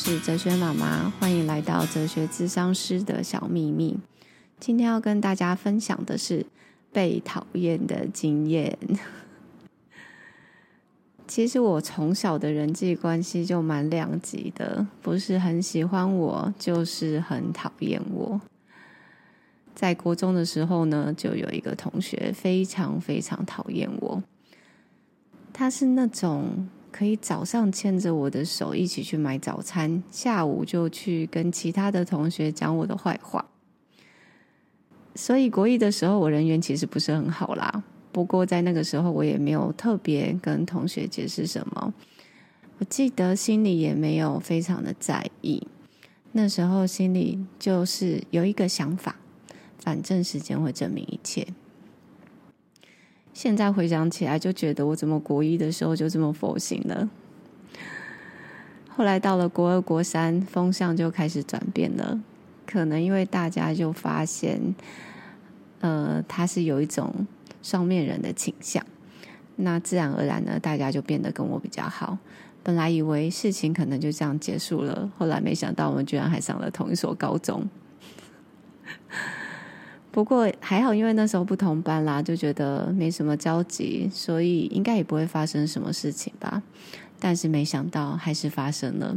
是哲學媽媽，歡迎來到哲學諮商師的小秘密。今天要跟大家分享的是被討厭的經驗。其實我從小的人際關係就蠻兩極的，不是很喜歡我，就是很討厭我。在國中的時候呢，就有一個同學非常非常討厭我，他是那種。可以早上牽着我的手一起去買早餐，下午就去跟其他的同學講我的壞話。所以國一的時候，我人緣其實不是很好啦。不過在那個時候，我也沒有特別跟同學解釋什麼，我記得心裡也沒有非常的在意。那時候心裡就是有一個想法，反正時間會證明一切。現在回想起來，就覺得我怎麼國一的時候就這麼佛性了？後來到了國二、國三，風向就開始轉變了。可能因為大家就發現，呃，他是有一種雙面人的傾向，那自然而然呢，大家就變得跟我比較好。本來以為事情可能就這樣結束了，後來沒想到我們居然還上了同一所高中。不過還好，因為那時候不同班啦，就覺得沒什麼交集，所以應該也不會發生什麼事情吧。但是沒想到，還是發生了。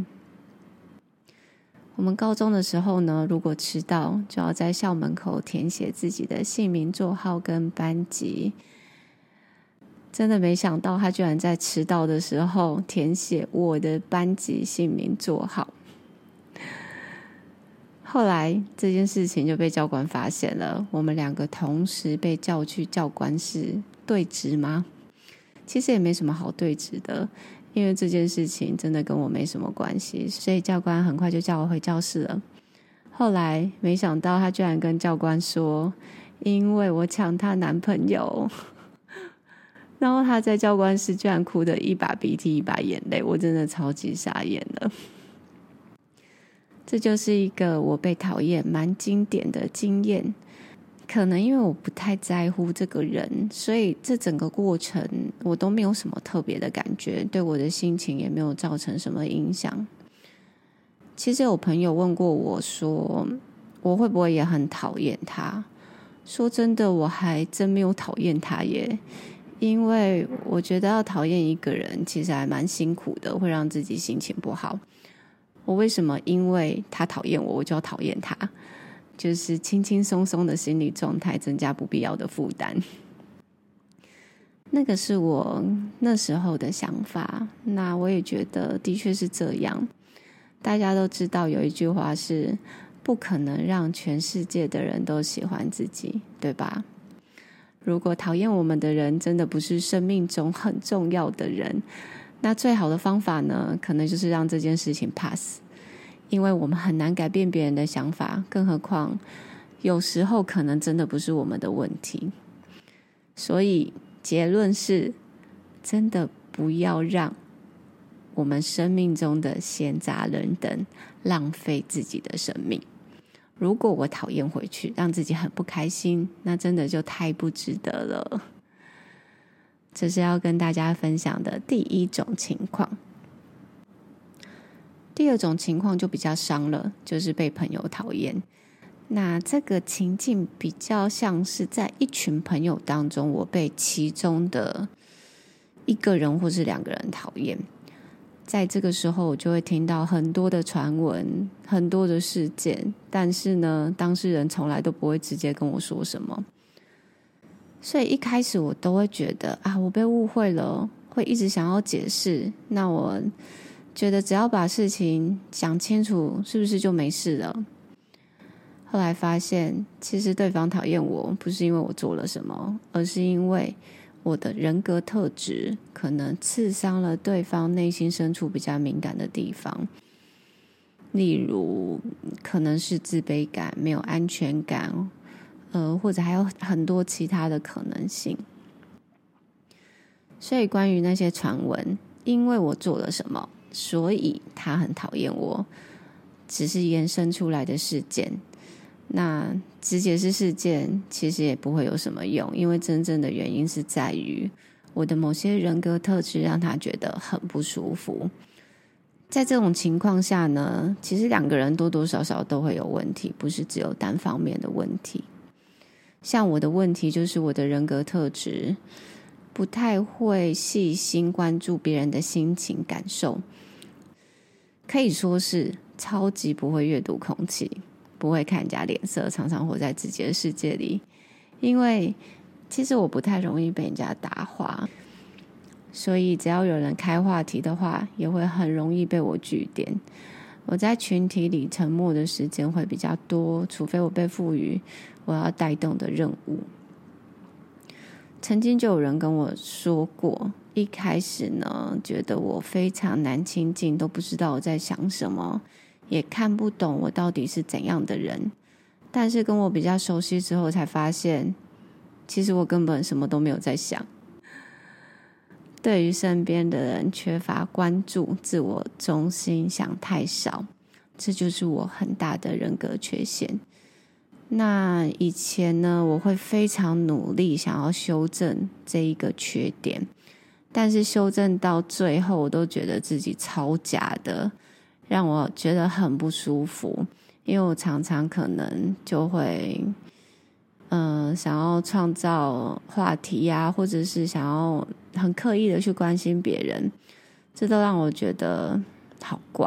我們高中的時候呢，如果遲到就要在校門口填寫自己的姓名、座號跟班級。真的沒想到，他居然在遲到的時候填寫我的班級、姓名、座號。後來這件事情就被教官發現了，我們兩個同時被叫去教官室對峙嗎？其實也沒什麼好對峙的，因為這件事情真的跟我沒什麼關係，所以教官很快就叫我回教室了。後來沒想到他居然跟教官說，因為我搶她男朋友，然後他在教官室居然哭得一把鼻涕一把眼淚，我真的超級傻眼了。這就是一個我被討厭蠻經典的經驗，可能因為我不太在乎這個人，所以這整個過程我都沒有什麼特別的感覺，對我的心情也沒有造成什麼影響。其實有朋友問過我說，我會不會也很討厭他？說真的，我還真沒有討厭他耶，因為我覺得要討厭一個人，其實還蠻辛苦的，會讓自己心情不好。我為什麼？因為他討厭我，我就要討厭他？就是輕輕鬆鬆的心理狀態，增加不必要的負擔。那個是我那時候的想法。那我也覺得的確是這樣。大家都知道有一句話是：不可能讓全世界的人都喜歡自己，對吧？如果討厭我們的人，真的不是生命中很重要的人。那最好的方法呢，可能就是讓這件事情 pass，因為我們很難改變別人的想法，更何況有時候可能真的不是我們的問題。所以結論是，真的不要讓我們生命中的閒雜人等浪費自己的生命。如果我討厭回去，讓自己很不開心，那真的就太不值得了。這是要跟大家分享的第一種情況。第二種情況就比較傷了，就是被朋友討厭。那這個情境比較像是在一群朋友當中，我被其中的一個人或是兩個人討厭。在這個時候，我就會聽到很多的傳聞、很多的事件，但是呢，當事人從來都不會直接跟我說什麼。所以一開始我都會覺得啊，我被誤會了，會一直想要解釋。那我覺得只要把事情講清楚，是不是就沒事了？後來發現，其實對方討厭我不是因為我做了什麼，而是因為我的人格特質可能刺傷了對方內心深處比較敏感的地方，例如可能是自卑感、沒有安全感。呃，或者還有很多其他的可能性。所以，關於那些傳聞，因為我做了什麼，所以他很討厭我，只是延伸出來的事件。那直接是事件，其實也不會有什麼用，因為真正的原因是在於我的某些人格特質讓他覺得很不舒服。在這種情況下呢，其實兩個人多多少少都會有問題，不是只有單方面的問題。像我的問題就是我的人格特質，不太會細心關注別人的心情感受，可以說是超級不會閱讀空氣，不會看人家臉色，常常活在自己的世界裡。因為其實我不太容易被人家打滑，所以只要有人開話題的話，也會很容易被我句點。我在群體裡沉默的時間會比較多，除非我被賦予。我要帶動的任務，曾經就有人跟我說過，一開始呢，覺得我非常難親近，都不知道我在想什麼，也看不懂我到底是怎樣的人。但是跟我比較熟悉之後，才發現，其實我根本什麼都沒有在想。對於身邊的人缺乏關注，自我中心想太少，這就是我很大的人格缺陷。那以前呢，我會非常努力想要修正這一個缺點，但是修正到最後我都覺得自己超假的，讓我覺得很不舒服。因為我常常可能就會，嗯、呃，想要創造話題啊，或者是想要很刻意的去關心別人，這都讓我覺得好怪。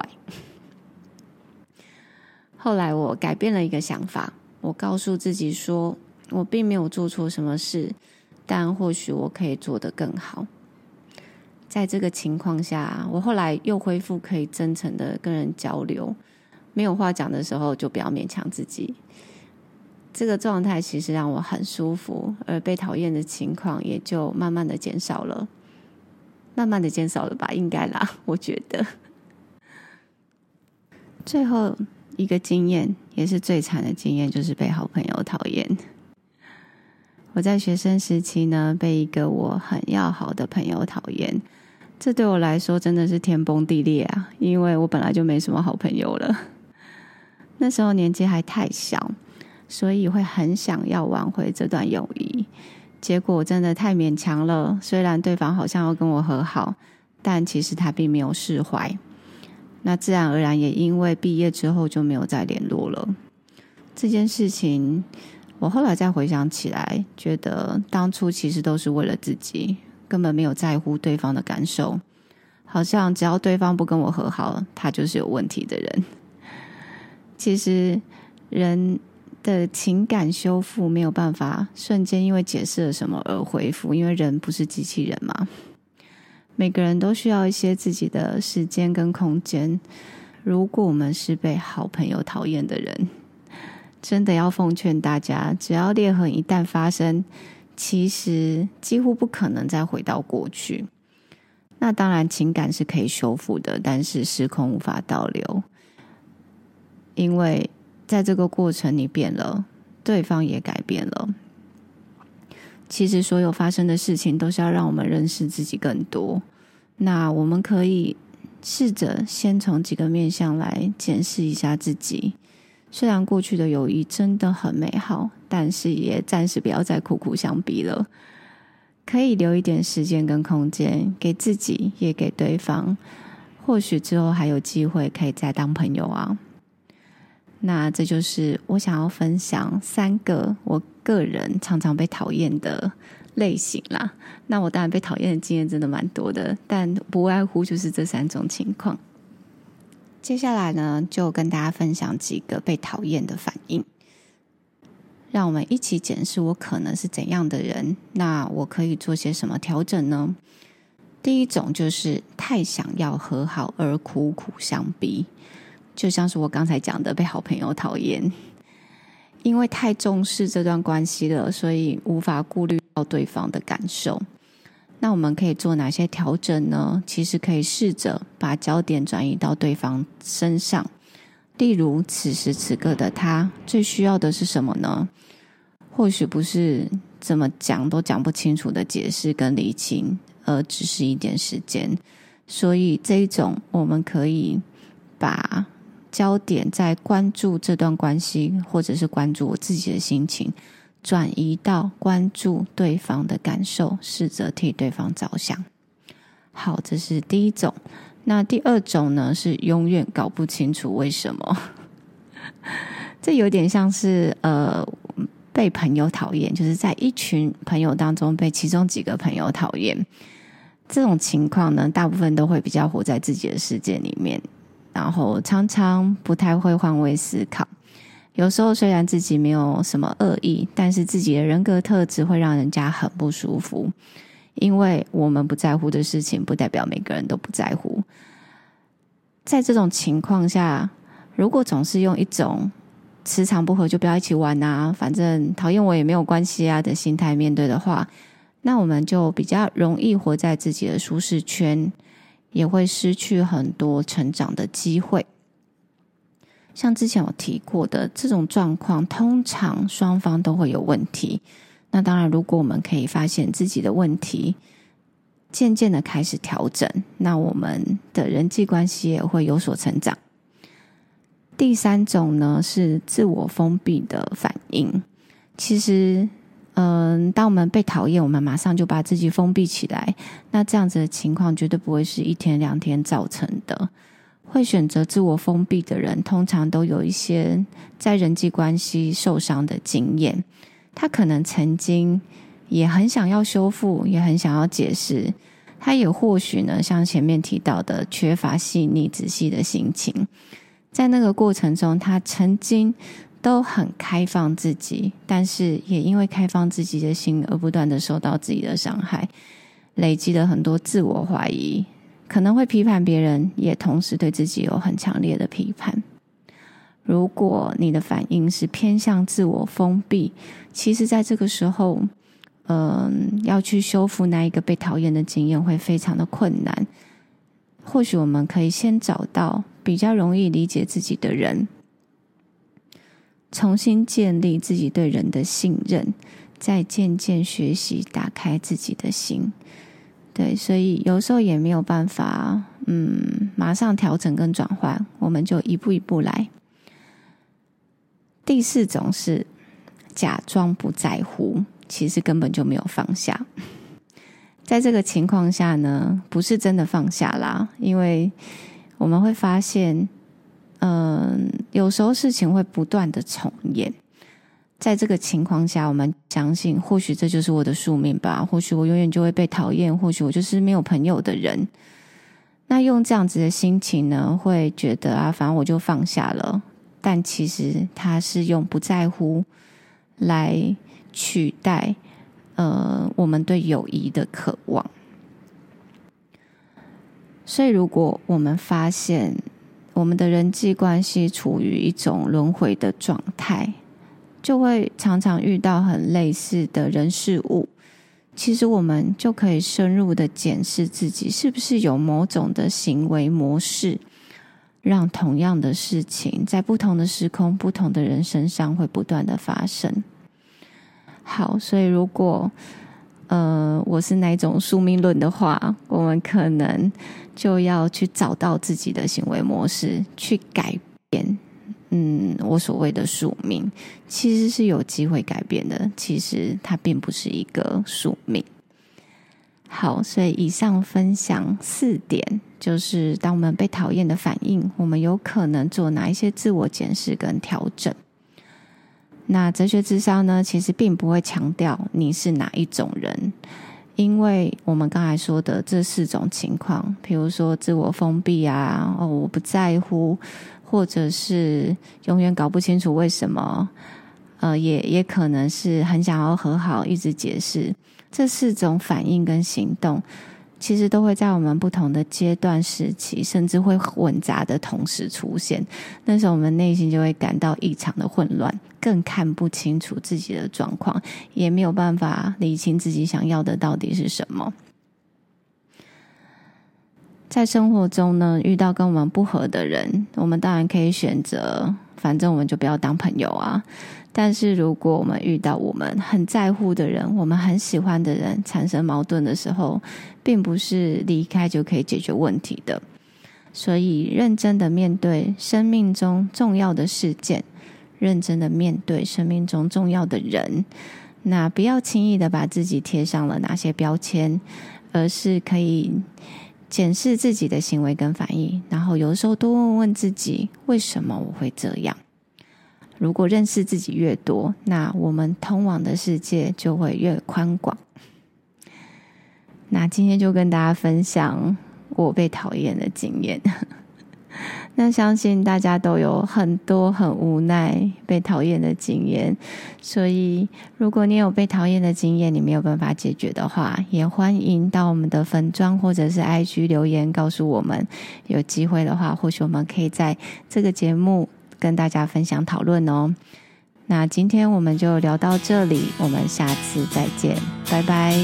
後來我改變了一個想法。我告訴自己說，我並沒有做錯什麼事，但或許我可以做得更好。在這個情況下，我後來又恢復可以真誠的跟人交流，沒有話講的時候就不要勉強自己。這個狀態其實讓我很舒服，而被討厭的情況也就慢慢的減少了，慢慢的減少了吧，應該啦，我覺得。最後。一個經驗，也是最慘的經驗，就是被好朋友討厭。我在學生時期呢，被一個我很要好的朋友討厭，這對我來說真的是天崩地裂啊！因為我本來就沒什麼好朋友了，那時候年紀還太小，所以會很想要挽回這段友誼。結果真的太勉強了，雖然對方好像要跟我和好，但其實他並沒有釋懷。那自然而然也因為畢業之後就沒有再聯絡了。這件事情，我後來再回想起來，覺得當初其實都是為了自己，根本沒有在乎對方的感受。好像只要對方不跟我和好，他就是有問題的人。其實人的情感修復沒有辦法瞬間因為解釋了什麼而恢復，因為人不是機器人嘛。每個人都需要一些自己的時間跟空間。如果我們是被好朋友討厭的人，真的要奉勸大家，只要裂痕一旦發生，其實幾乎不可能再回到過去。那當然，情感是可以修復的，但是時空無法倒流。因為在這個過程，你變了，對方也改變了。其實，所有發生的事情都是要讓我們認識自己更多。那我們可以試着先從幾個面向來檢視一下自己。雖然過去的友誼真的很美好，但是也暫時不要再苦苦相逼了。可以留一點時間跟空間給自己，也給對方。或許之後還有機會可以再當朋友啊。那這就是我想要分享三個我個人常常被討厭的類型啦。那我當然被討厭的經驗真的蠻多的，但不外乎就是這三種情況。接下來呢，就跟大家分享幾個被討厭的反應，讓我們一起檢視我可能是怎樣的人，那我可以做些什麼調整呢？第一種就是太想要和好而苦苦相逼。就像是我剛才講的，被好朋友討厭，因為太重視這段關係了，所以無法顧慮到對方的感受。那我們可以做哪些調整呢？其實可以試着把焦點轉移到對方身上，例如此時此刻的他最需要的是什麼呢？或許不是怎麼講都講不清楚的解釋跟釐清，而只是一點時間。所以這一種，我們可以把。焦點在關注這段關係，或者是關注我自己的心情，轉移到關注對方的感受，試着替對方着想。好，這是第一種。那第二種呢？是永遠搞不清楚為什麼。 這有點像是呃，被朋友討厭，就是在一群朋友當中被其中幾個朋友討厭。這種情況呢，大部分都會比較活在自己的世界裡面。然後常常不太會換位思考，有時候雖然自己沒有什麼惡意，但是自己的人格特質會讓人家很不舒服。因為我們不在乎的事情，不代表每個人都不在乎。在這種情況下，如果總是用一種“磁場不合就不要一起玩啊，反正討厭我也沒有關係啊”的心態面對的話，那我們就比較容易活在自己的舒適圈。也會失去很多成長的機會。像之前我提過的，這種狀況通常雙方都會有問題。那當然，如果我們可以發現自己的問題，漸漸的開始調整，那我們的人際關係也會有所成長。第三種呢，是自我封閉的反應。其實。嗯，當我們被討厭，我們馬上就把自己封閉起來。那這樣子的情況絕對不會是一天兩天造成的。會選擇自我封閉的人，通常都有一些在人際關係受傷的經驗。他可能曾經也很想要修復，也很想要解釋。他也或許呢，像前面提到的，缺乏細膩仔細的心情，在那個過程中，他曾經都很開放自己，但是也因為開放自己的心而不斷的受到自己的傷害，累積了很多自我懷疑，可能會批判別人，也同時對自己有很強烈的批判。如果你的反應是偏向自我封閉，其實，在這個時候，嗯、呃，要去修復那一個被討厭的經驗會非常的困難。或許我們可以先找到比較容易理解自己的人。重新建立自己對人的信任，再漸漸學習打開自己的心。對，所以有時候也沒有辦法，嗯，馬上調整跟轉換，我們就一步一步來。第四種是假裝不在乎，其實根本就沒有放下。在這個情況下呢，不是真的放下啦，因為我們會發現，嗯、呃，有時候事情會不斷的重演，在這個情況下，我們相信，或許這就是我的宿命吧。或許我永遠就會被討厭，或許我就是沒有朋友的人。那用這樣子的心情呢，會覺得啊，反正我就放下了。但其實他是用不在乎來取代呃，我們對友誼的渴望。所以，如果我們發現，我們的人際關係處於一種輪迴的狀態，就會常常遇到很類似的人事物。其實我們就可以深入的檢視自己，是不是有某種的行為模式，讓同樣的事情在不同的時空、不同的人身上會不斷的發生。好，所以如果呃，我是哪一種宿命論的話，我們可能就要去找到自己的行為模式，去改變。嗯，我所謂的宿命，其實是有機會改變的。其實它並不是一個宿命。好，所以以上分享四點，就是當我們被討厭的反應，我們有可能做哪一些自我檢視跟調整。那哲學諮商呢？其實並不會強調你是哪一種人，因為我們剛才說的這四種情況，比如說自我封閉啊，哦我不在乎，或者是永遠搞不清楚為什麼，呃，也也可能是很想要和好，一直解釋，這四種反應跟行動。其實都會在我們不同的階段、時期，甚至會混雜的同時出現。那時候，我們內心就會感到異常的混亂，更看不清楚自己的狀況，也沒有辦法理清自己想要的到底是什麼。在生活中呢，遇到跟我們不合的人，我們當然可以選擇，反正我們就不要當朋友啊。但是，如果我們遇到我們很在乎的人，我們很喜歡的人產生矛盾的時候，並不是離開就可以解決問題的。所以，認真的面對生命中重要的事件，認真的面對生命中重要的人，那不要輕易的把自己貼上了哪些標籤，而是可以檢視自己的行為跟反應，然後有時候多問問自己：為什麼我會這樣？如果認識自己越多，那我們通往的世界就會越寬廣。那今天就跟大家分享我被討厭的經驗。 那相信大家都有很多很無奈被討厭的經驗，所以如果你有被討厭的經驗，你沒有辦法解決的話，也歡迎到我們的粉專或者是 IG 留言告訴我們。有機會的話，或許我們可以在這個節目。跟大家分享討論哦，那今天我們就聊到這裡，我們下次再見，拜拜。